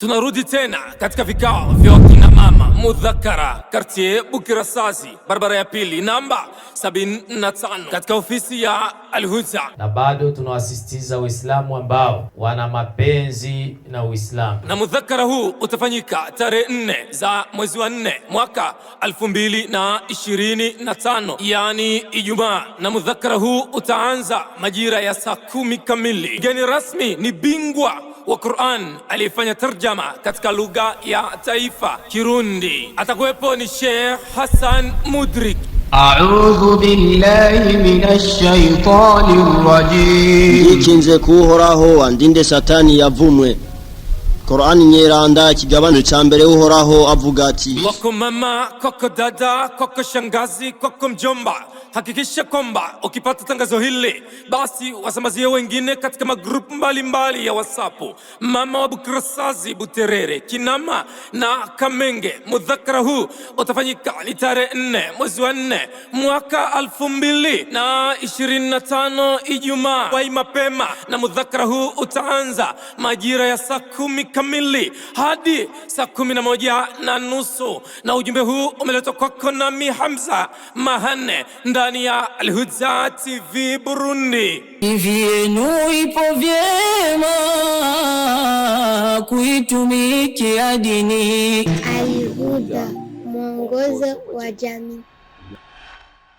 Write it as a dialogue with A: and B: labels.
A: Tunarudi tena katika vikao vya kina mama Mudhakara, Kartie Bukirasazi, barabara ya pili namba 75 katika ofisi ya Alhuda.
B: Na bado tunawasisitiza uislamu ambao wana mapenzi na Uislamu,
A: na mudhakara huu utafanyika tarehe nne za mwezi wa nne mwaka 2025, yani Ijumaa, na mudhakara huu utaanza majira ya saa kumi kamili. Mgeni rasmi ni bingwa wa Qur'an aliyefanya tarjama katika lugha ya taifa Kirundi. Atakuwepo ni Sheikh Hassan Mudrik.
C: A'udhu billahi minash shaitanir rajim.
D: Ikinze kuhoraho andinde satani yavumwe Qur'ani nyeranda kigabano cha mbere uhoraho avuga ati
A: Koko mama koko dada koko shangazi koko mjomba hakikisha kwamba ukipata tangazo hili basi wasambazie wengine katika magrupu mbalimbali ya wasapu. Mama wa Bukirasazi, Buterere, Kinama na Kamenge. Mudhakara huu utafanyika ni tarehe nne mwezi wa nne mwaka alfu mbili na ishirini na tano Ijumaa. Wai mapema na mudhakara huu utaanza majira ya saa kumi kamili hadi saa kumi na moja na nusu na ujumbe huu umeletwa kwako nami Hamza Mahane nda ndani ya Alhudaa TV Burundi.
E: TV yenu ipo vyema kuitumikia dini.
F: Alhudaa, mwongozo wa jamii.